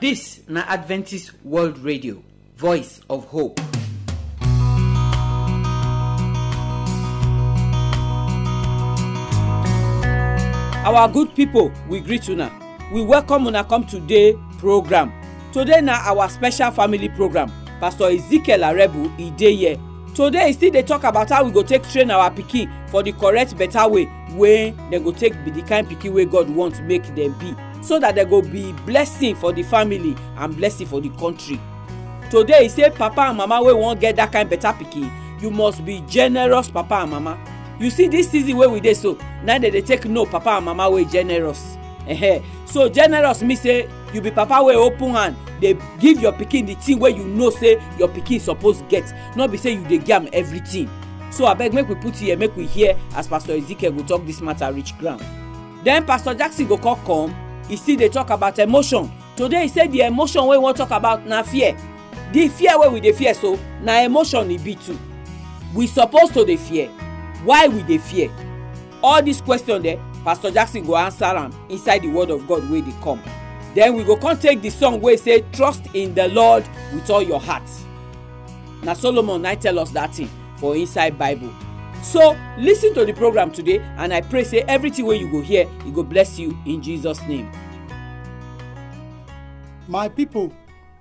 This na adventist world radio voice of hope. our good people, we greet una we welcome una come today program today na our special family program pastor ezekiel arebu e dey here today e still dey talk about how we go take train our pikin for the correct better way wey dem go take be the kind pikin wey god want make dem be so that there go be blessing for the family and blessing for the country today he say papa and mama wey wan get that kind better pikin you must be generous papa and mama you see this season wey we dey so na dem dey take know papa and mama wey generous so generous mean say you be papa wey open hand dey give your pikin the thing wey you know say your pikin suppose get no be say you dey give am everything so abeg make we put ear make we hear as pastor ezekiel go talk this matter reach ground then pastor jackson go call come e still dey talk about emotion today e say the emotion wey we wan talk about na fear the fear wey we dey fear so na emotion e be too we suppose to dey fear why we dey fear all these questions, dem pastor jackson go answer am inside the word of god wey dey come then we go come take the song wey say trust in the lord with all your heart na solomon na tell us that thing for inside bible so lis ten to the program today and i pray say everything wey you go hear e go bless you in jesus name. my people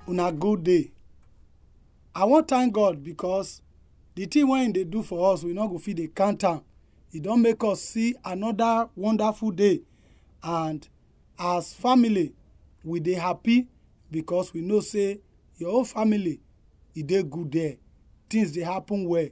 una good day i wan thank god because the thing wey he dey do for us we no go fit dey count am e don make us see another wonderful day and as family we dey happy because we know say your whole family e dey good there things dey happen well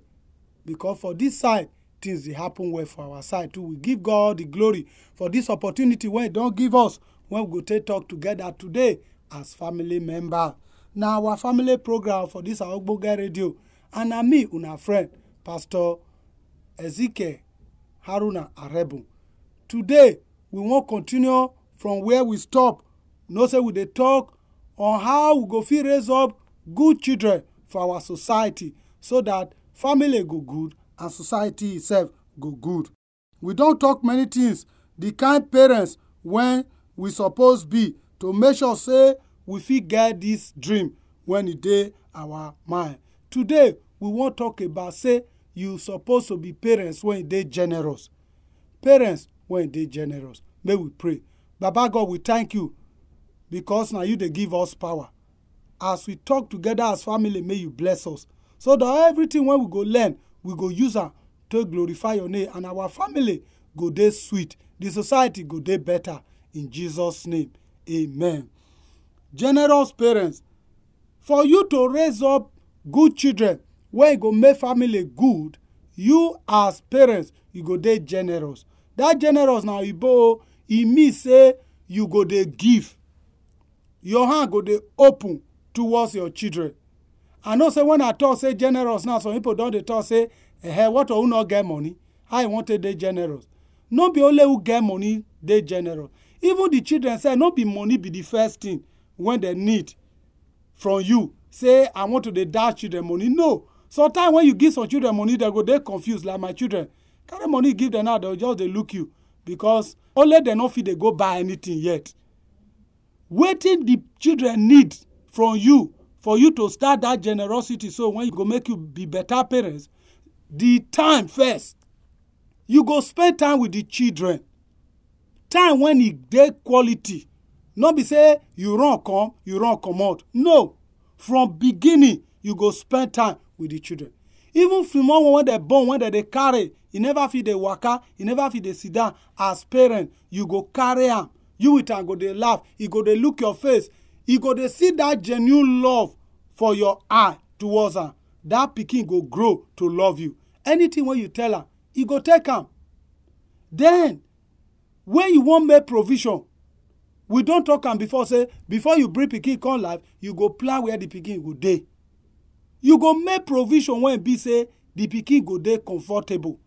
because for this side things dey happen well for our side too we give god the glory for this opportunity wey he don give us when we go take talk together today as family member na our family program for this our ogbonge radio and na me una friend pastor ezekiel haruna arebu today we wan continue from where we stop know say we dey talk on how we go fit raise up good children for our society so that family go good and society itself go good we don talk many things the kind parents wey we suppose be to make sure say we fit get this dream when e dey our mind today we wan talk about say you suppose to be parents wey e dey generous parents wey e dey generous may we pray baba god we thank you because na you dey give us power as we talk together as family may you bless us so that everything wey we go learn we go use am to glorify your name and our family go dey sweet the society go dey better in jesus name amen. generous parents for you to raise up good children wey go make family good you as parents you go dey generous that generous na oyibo o e mean say you go dey give your hand go dey open towards your children i know say when i talk say generous now some people don dey talk say eh what or who no get money how you wan take dey generous no be only who get money dey generous even the children say no be money be the first thing wey dem need from you say i want to dey dash children money no sometimes when you give some children money dem go dey confused like my children carry money give dem now dem just dey look you because only dem no fit dey go buy anything yet wetin the children need from you for you to start that generosity so when you go make you be better parents the time first you go spend time with the children time when e dey quality no be say you run come you run comot no from beginning you go spend time with the children even small one wey dem born wey dem dey carry e never fit dey waka e never fit dey sit as parent you go carry am you with am go dey laugh e go dey look your face You go dey see that genuine love for your eye towards am That pikin go grow to love you anything wey you tell am e go take am Then, when you wan make provision we don talk am before say before you bring pikin come life you go plan where the pikin go dey you go make provision wey e be say the pikin go dey comfortable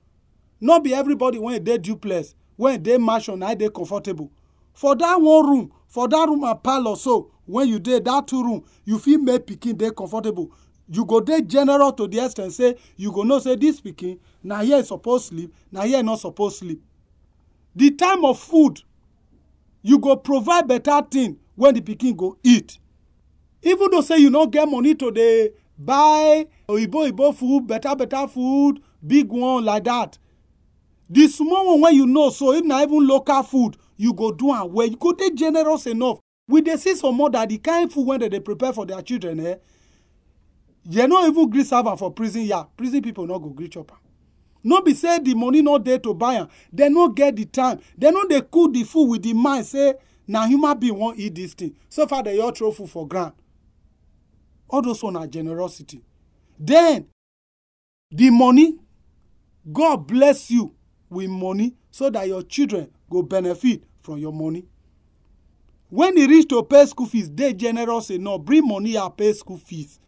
no be everybody wey e dey duplex wey e dey mansion na dey comfortable for that one room for dat room and parlour so when you dey dat two room you fit make pikin dey comfortable you go dey general to the extent say you go know say dis pikin na here e suppose sleep na here e no suppose sleep the time of food you go provide better thing when the pikin go eat even though say you no get money to dey buy oyibo oyibo food better better food big one like that the small one wey you know so if na even local food you go do am well you go dey generous enough we dey see some mother the kind food wey dem dey prepare for their children eh dem no even gree serve am for prison yah prison people no go gree chop am no be say the money no dey to buy am dem no get the time dem no dey cook the food with the mind say na human being wan eat this thing so far dem just throw food for ground all those one na generosity then the money god bless you with money so that your children go benefit from your money. When e reach to pay school fees, dey generous enough. Bring money and pay school fees.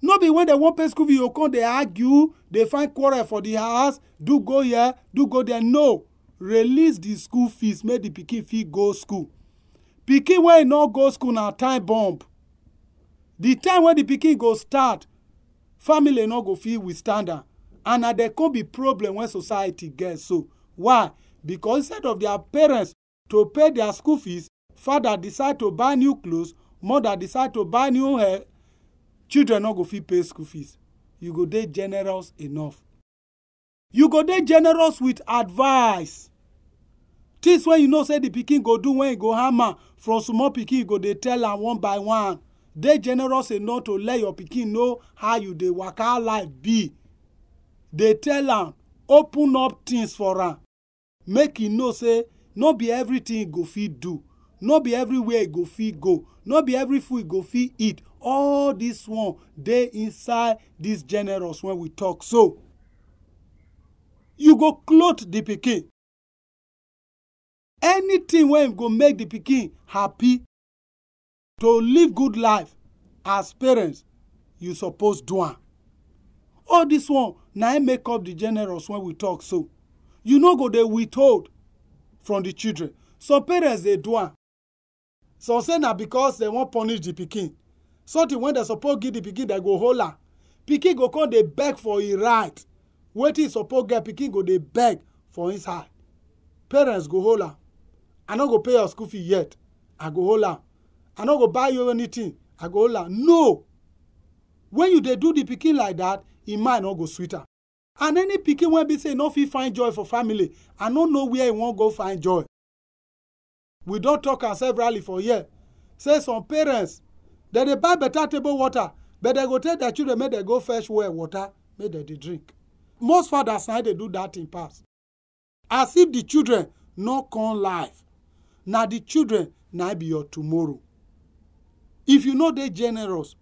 No be when they wan pay school fees, you come dey argue, dey find quarrel for the house, do go here, do go there. No. Release the school fees, make the pikin fit go school. Pikin wey no go school na time bomb. The time wey the pikin go start, family no go fit withstand am. And na there come be problem when society get so. Why? Because instead of their parents to pay their school fees father decide to buy new clothes mother decide to buy new hair children no go fit pay school fees you go dey generous enough you go dey generous with advice things wey you know say the pikin go do when e go harm am from small pikin you go dey tell am one by one dey generous enough to let your pikin know how you dey waka life be dey tell am open up things for am make e know say no be everything you go fit do no be everywhere you go fit go no be every food you go fit eat all this one dey inside this generous when we talk so you go clothe the pikin anything wey go make the pikin happy to live good life as parents you suppose do am all this one na make up the generous when we talk so you no go dey withhold from the children some parents dey do am some say na because dem wan punish the pikin something wey dem suppose give the pikin dem go hold am pikin go come dey beg for im right wetin e suppose get pikin go dey beg for inside parents go hold am i no go pay your school fee yet i go hold am i no go buy you anything i go hold am no when you dey do the pikin like that im mind no go sweet am and any pikin wey be say e no fit find joy for family i no know where e wan go find joy we don talk am severally for here say some parents dem dey buy better table water but dem go tell their children make dem go fetch well water make dem dey drink most fathers na dey do that thing pass as if the children no come life na the children na be your tomorrow if you no dey generous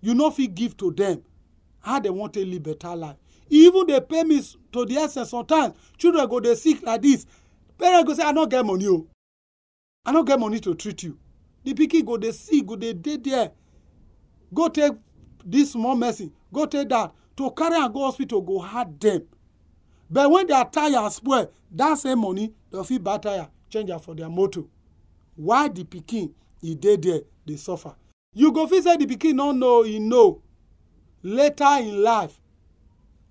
you no fit give to them how dem wan take live better life even dey pay me to the extent sometimes children go dey sick like this parents go say i no get money o oh. i no get money to treat you the pikin go dey sick go dey dey there go take this small medicine go take that to carry am go hospital go hard dem but when their tire spoil that same money dem fit buy tire change am for their motor Why the pikin e dey there dey suffer you go feel say the pikin no know e know later in life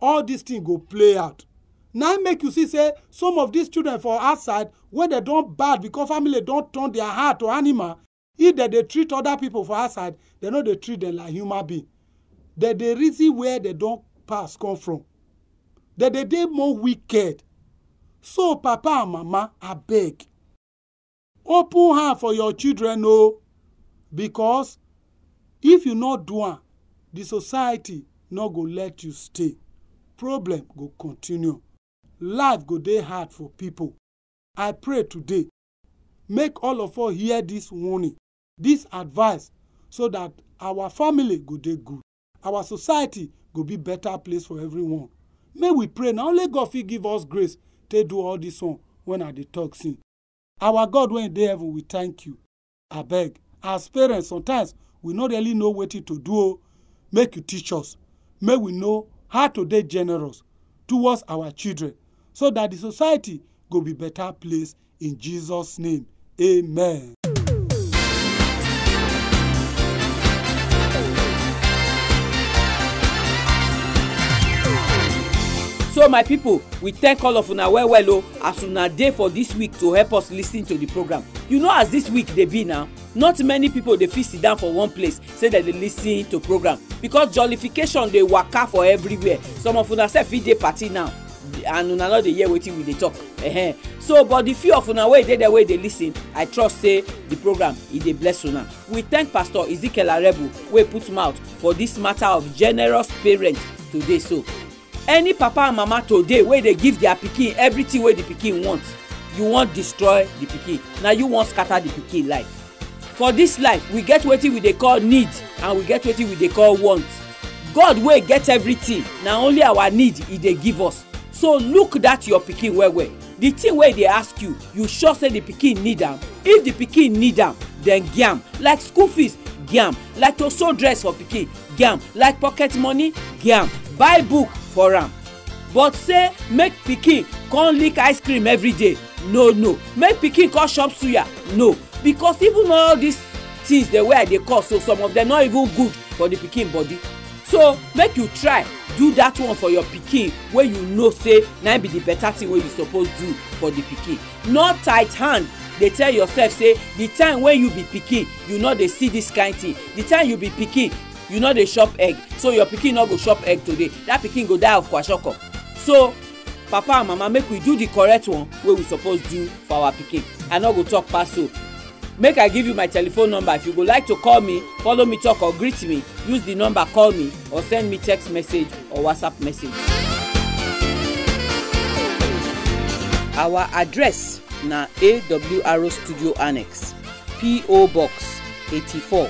all these things go play out na make you see say some of these children for outside wey dem don bad because family don turn their heart to animal if dem dey treat other people for outside dem no dey treat them like human being dem dey reason where dem don pass come from dem dey dey more wicked so papa and mama abeg open hand for your children o oh, because if you no do am the society no go let you stay problem go continue life go dey hard for pipo i pray today make all of us hear dis warning dis advice so dat our family go dey good our society go be better place for everyone May we pray na only god fit give us grace take do all dis one wen i dey talk sin our god wey dey heaven we thank you abeg as parents sometimes we no really know wetin to do o make you teach us May we know how to dey generous towards our children so that the society go be better place in jesus name amen. so my people, we thank all of una well well o oh, as una dey for this week to help us lis ten to the program you know as this week dey be now not many people dey fit sit down for one place say dem dey lis ten to program because jollification dey waka for everywhere some of una sef fit dey party now and una no dey hear wetin we dey talk so but the few of una wey dey there wey dey lis ten i trust say the program e dey bless una we thank pastor ezekiel arebu wey put mouth for this matter of generous parents today so any papa and mama today wey dey give their pikin everything wey the pikin want you wan destroy the pikin na you wan scatter the pikin life for this life we get wetin we dey call need and we get wetin we dey call want god wey get everything na only our need he dey give us so look that your pikin well well the thing wey dey ask you you sure say the pikin need am if the pikin need am then giam like school fees giam like to sew dress for pikin giam like pocket money giam buy book for am but say make pikin come lick ice cream every day no no make pikin come chop suya no because even all these things dey wey i dey call so some of them no even good for the pikin body so make you try do that one for your pikin wey you know say na be the better thing wey you suppose do for the pikin no tight hand dey tell yourself say the time wey you be pikin you no dey see this kind thing the time you be pikin you no dey chop egg so your pikin no go chop egg today that pikin go die of kwashiorkor so papa and mama make we do the correct one wey we suppose do for our pikin i no go talk pass so make i give you my telephone number if you go like to call me follow me talk or greet me use the number call me or send me text message or whatsapp message. our address na awro studio annex po box eighty-four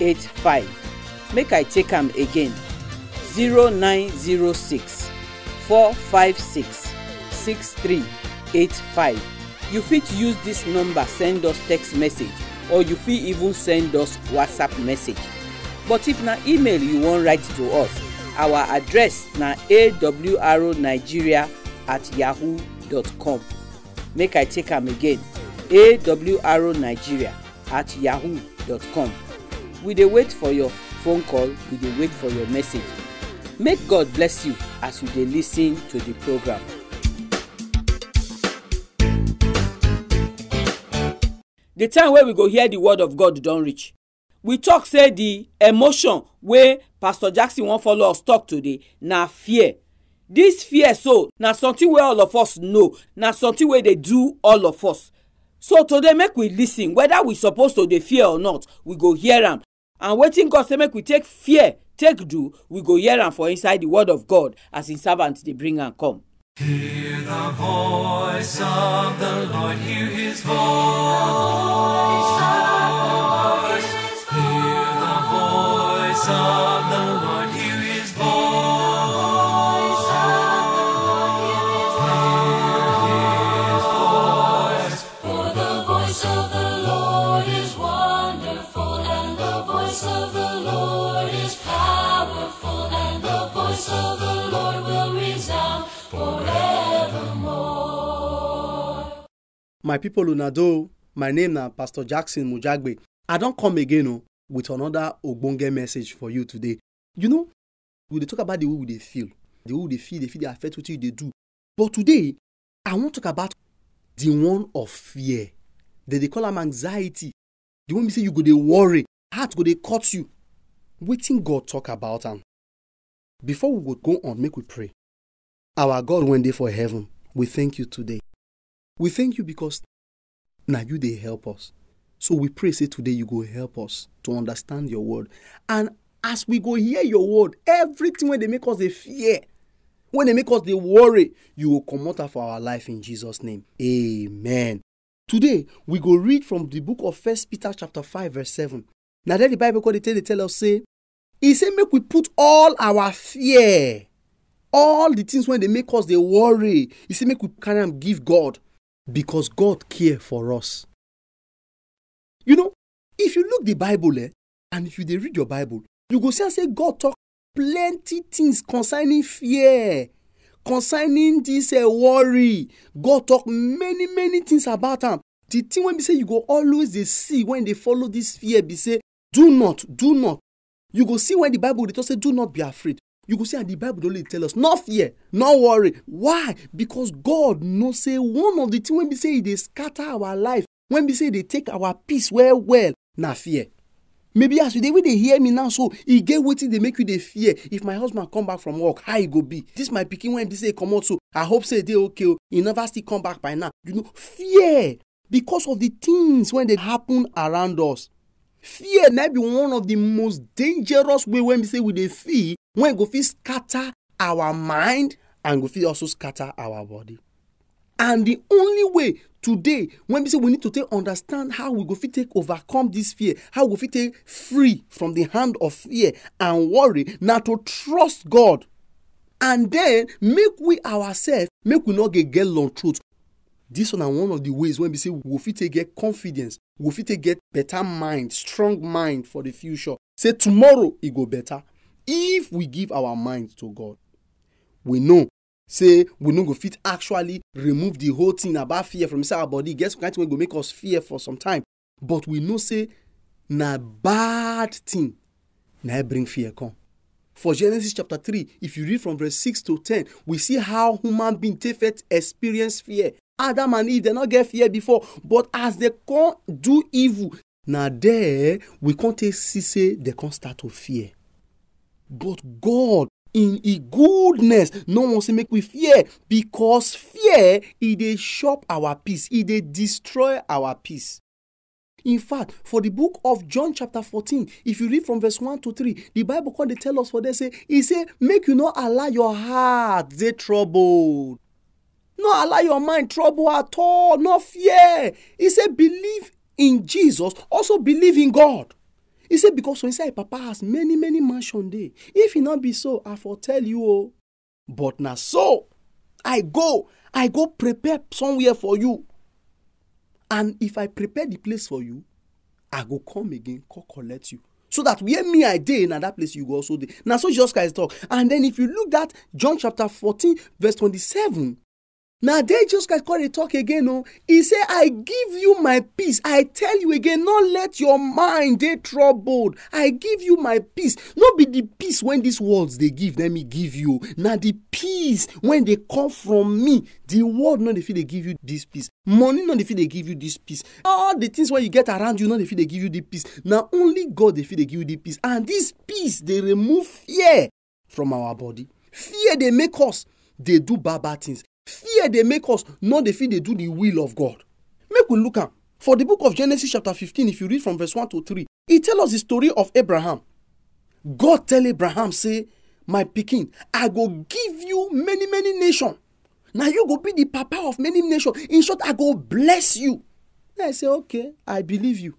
Eight five, make i take am again Zero zero nine six six six four five three eight five. you fit use this number send us text message or you fit even send us whatsapp message but if na email you wan write to us our address na awrnigeria at yahoo dot com make i take am again awrnigeria at yahoo dot com we dey wait for your phone call we dey wait for your message make god bless you as you dey lis ten to the program. the time wey we go hear the word of god don reach we talk say the emotion wey pastor jackson wan follow us talk today na fear this fear so na something wey all of us know na something wey dey do all of us so today make we lis ten whether we suppose to dey fear or not we go hear am and wetin god say make we take fear take do we go hear am for inside the word of god as him servant dey bring am come. Hear the voice of the Lord, hear his voice. Hear the voice of the Lord. my people unado my name na pastor jackson mujagbe i don come again o oh, with another ogbonge message for you today you know we dey talk about the way we dey feel the way we dey feel dey fit dey affect wetin you dey do but today i wan talk about the one of fear dem dey call am anxiety the one be say you go dey worry heart go dey cut you wetin god talk about am before we go go on make we pray our god wey dey for heaven we thank you today we thank you because now you they help us. So we pray say today you go help us to understand your word. And as we go hear your word, everything when they make us they fear, when they make us they worry, you will come out of our life in Jesus' name. Amen. Today we go read from the book of First Peter chapter 5, verse 7. Now that the Bible called it they tell us say, He say make we put all our fear, all the things when they make us they worry. He say make we carry give God. because God care for us. You know, if you look the Bible eh, and if you dey read your Bible, you go see say God talk plenty things concerning fear, concerning this uh, worry. God talk many many things about am. The thing wey be say you go always dey see when dey follow this fear be say do not do not. You go see when the Bible dey talk say do not be afraid you go see and the bible don't dey tell us no fear no worry why because god know say one of the things wey be say e dey scatter our life when be say e dey take our peace well well na fear maybe as you dey wey dey hear me now so e get wetin dey make you dey fear if my husband come back from work how e go be this my pikin wey be say e comot so i hope say e dey okay o oh. e never still come back by now you know fear because of the things wey dey happen around us fear na be one of the most dangerous way wey be say we dey feel when go fit scatter our mind and go fit also scatter our body and the only way today when be say we need to take understand how we go fit take overcome this fear how we go fit take free from the hand of fear and worry na to trust god and then make we ourselves make we no get get long truth. This one na one of the ways wey be say we fit take get confidence, we fit take get better mind, strong mind for the future. Say tomorrow e go better if we give our mind to God. We know say we no go fit actually remove the whole thing about fear from inside our body. E get some kind thing wey go make us fear for some time. But we know say na bad thing na e bring fear come. For Genesis chapter three, if you read from verse six to ten, we see how human being take experience fear adam and eve dem no get fear before but as dem come do evil na there we come take see say dem come start to fear but god in e goodness no wan say make we fear because fear e dey chop our peace e dey destroy our peace in fact for the book of john chapter fourteen if you read from verse one to three the bible come dey tell us for there say e say make you no allow your heart dey troubled No allow your mind trouble at all. No fear. He said, believe in Jesus. Also believe in God. He said, because when say Papa has many, many mansion day. If it not be so, I foretell you. Oh, but now so, I go. I go prepare somewhere for you. And if I prepare the place for you, I go come again, come collect you. So that where me I dey na that place you go also dey. Na so Jesus Christ talk. And then if you look at John chapter fourteen verse twenty-seven." na there jesus christ come dey talk again o oh. he say i give you my peace i tell you again no let your mind dey troubled i give you my peace no be the peace wey these words dey give na me give you na the peace wey dey come from me the world no dey fit dey give you this peace money no dey fit dey give you this peace all the things wey you get around you no dey fit dey give you the peace na only god dey fit dey give you the peace and this peace dey remove fear from our body fear dey make us dey do bad bad things fear dey make us no dey fit dey do the will of god make we look am for the book of genesis chapter fifteen. if you read from verse one to three, e tell us the story of abraham god tell abraham say my pikin i go give you many many nations na you go be the papa of many nations in short i go bless you then i say okay i believe you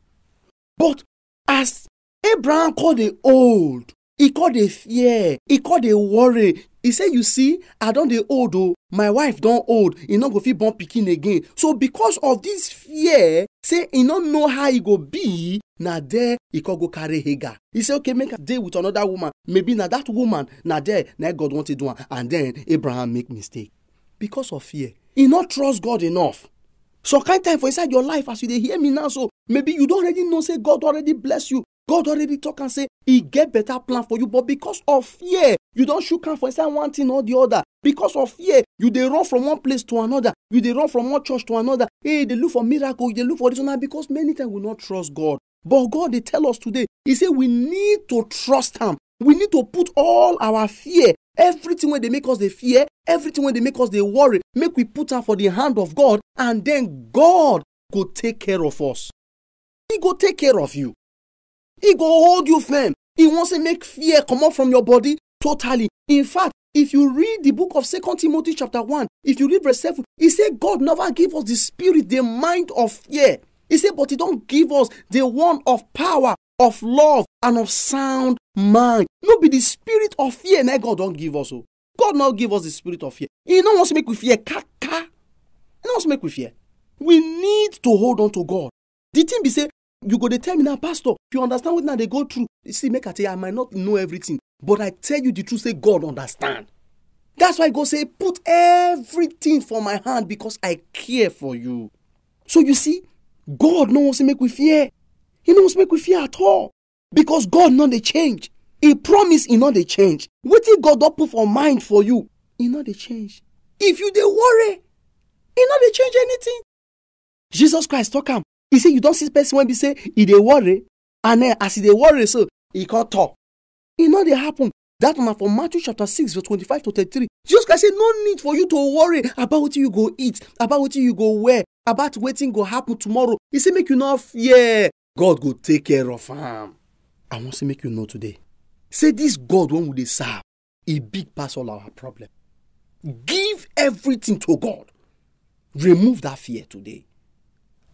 but as abraham call the old he call the fear he call the worry e say you see i don dey old o oh. my wife don old e no go fit born pikin again so because of this fear say e no know how e go be na there e come go carry hagar e say okay make i dey with another woman maybe na that woman na there na god wan take do am and then abraham make mistake because of fear e no trust god enough some kind time for inside your life as you dey hear me now so maybe you don already know say god already bless you God already talk and say He get better plan for you, but because of fear, you don't shook hand for inside one thing or the other. Because of fear, you they run from one place to another. You they run from one church to another. Hey, they look for miracle. They look for this one because many times we not trust God. But God, they tell us today, He said we need to trust Him. We need to put all our fear, everything when they make us they fear, everything when they make us they worry, make we put up for the hand of God, and then God go take care of us. He go take care of you. He go hold you firm He wants to make fear come comot from your body totally in fact if you read the book of second timothy chapter one if you read verse seven he said, god never give us the spirit the mind of fear He said, but he don't give us the one of power of love and of sound mind no be the spirit of fear now. god don't give us So. Oh. god not give us the spirit of fear e no want make we fear kaka e no want make we fear we need to hold on to god the thing be say you go dey tell me na pastor if you understand wetin i dey go through see make i tell you i might not know everything but i tell you the truth say god understand that's why God say put everything for my hand because i care for you so you see god no wan say make we fear he no wan say make we fear at all because god no dey change he promise he no dey change wetin god don put for mind for you he no dey change if you dey worry he no dey change anything jesus christ talk am e say you don see person wey be say e dey worry and then as e dey worry so e come talk e no dey happen that one na for matthew chapter six verse twenty-five to thirty-three jesus christ say no need for you to worry about wetin you go eat about wetin you go wear about wetin go happen tomorrow he say make you no fear god go take care of am i wan say make you know today say this god wey we dey serve e big pass all our problem give everything to god remove that fear today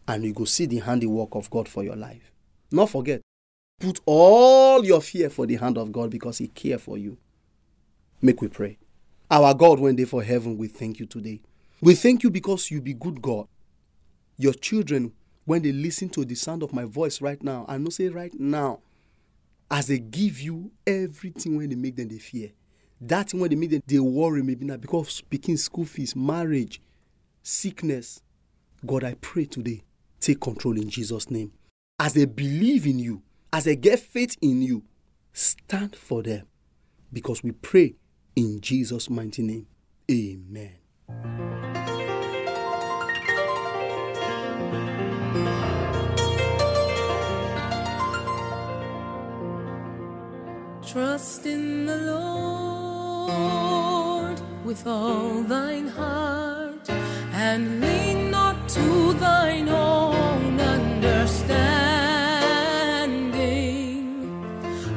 and you go see the handiwork of God for your life. Not forget, put all your fear for the hand of God because He care for you. Make we pray. Our God, when they for heaven, we thank you today. We thank you because you be good God. Your children, when they listen to the sound of my voice right now, I know say right now, as they give you everything when they make them they fear. That thing when they make them they worry maybe not because speaking school fees, marriage, sickness. God, I pray today take control in Jesus' name. As they believe in you, as they get faith in you, stand for them because we pray in Jesus' mighty name. Amen. Trust in the Lord with all thine heart and lean to thine own understanding,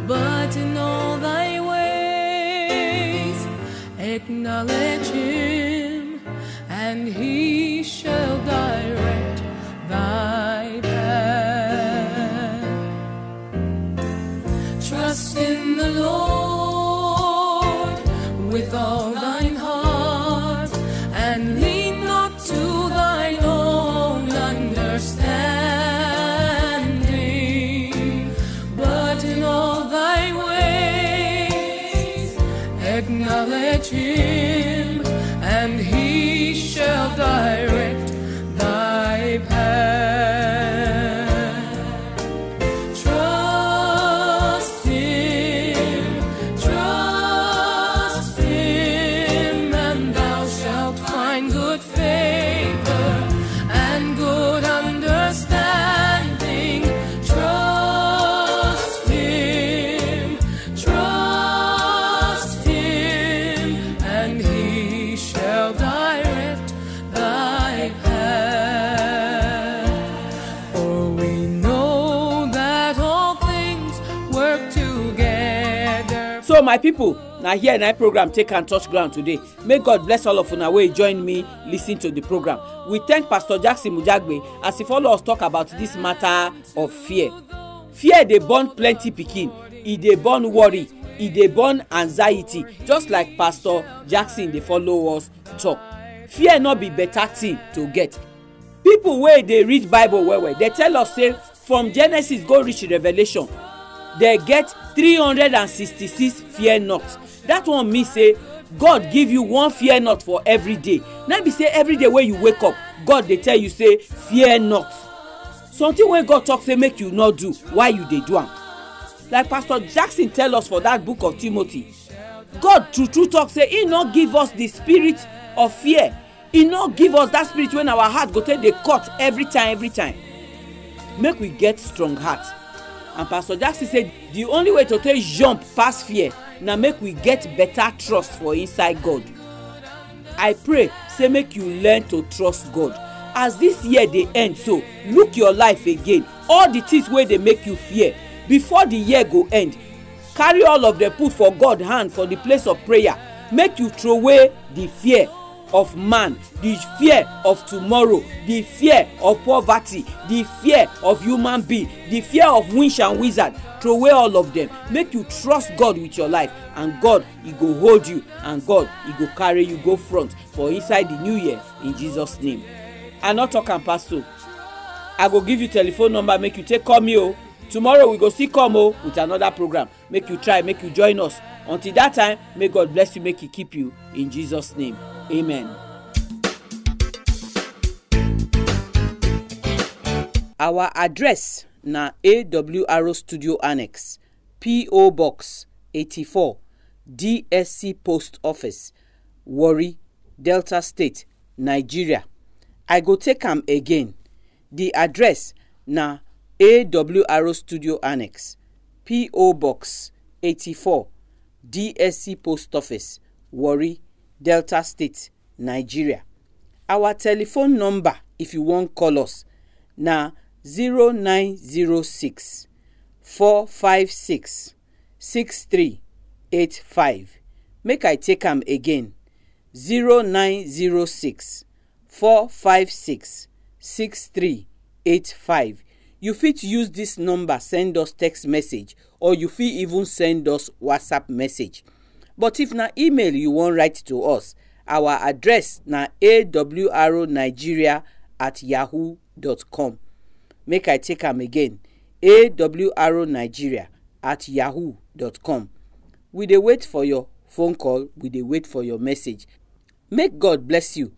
but in all thy ways acknowledge. me. na here na program take am touch ground today may god bless all of una wey join me lis ten to the program we thank pastor jackson mujagbe as he follow us talk about this matter of fear fear dey born plenty pikin e dey born worry e dey born anxiety just like pastor jackson dey follow us talk fear no be better thing to get people wey dey read bible well well dey tell us say from genesis go reach revolution dey get three hundred and sixty-six fear not that one mean say god give you one fear not for every day na be say every day wey you wake up god dey tell you say fear not something wey god talk say make you no do why you dey do am like pastor jackson tell us for that book of timothy god true true talk say he no give us the spirit of fear he no give us that spirit wey our heart go take dey cut every time every time make we get strong heart and pastor jackson say the only way to take jump pass fear na make we get better trust for inside god i pray say make you learn to trust god as this year dey end so look your life again all the things wey dey make you fear before the year go end carry all of them put for god hand for the place of prayer make you throw away the fear of man the fear of tomorrow the fear of poverty the fear of human being the fear of witch and wizard throw away all of them make you trust god with your life and god he go hold you and god he go carry you go front for inside the new year in jesus name i no talk am pass so i go give you telephone number make you take call me o oh. tomorrow we go still come o oh, with another program make you try make you join us until that time may god bless you make he keep you in jesus name. Amen. Our address na AWR Studio Annex, P.O. Box 84, DSC Post Office, Warri, Delta State, Nigeria. I go take am again. The address na AWR Studio Annex, P.O. Box 84, DSC Post Office, Warri, Delta State, Nigeria. Our telephone number if you wan call us na three eight five. Make I take am again zero zero nine six six six four five three eight five. You fit use this number send us text message or you fit even send us WhatsApp message but if na email you wan write to us our address na awronigeria at yahoo dot com make i take am again awronigeria at yahoo dot com we dey wait for your phone call we dey wait for your message make god bless you.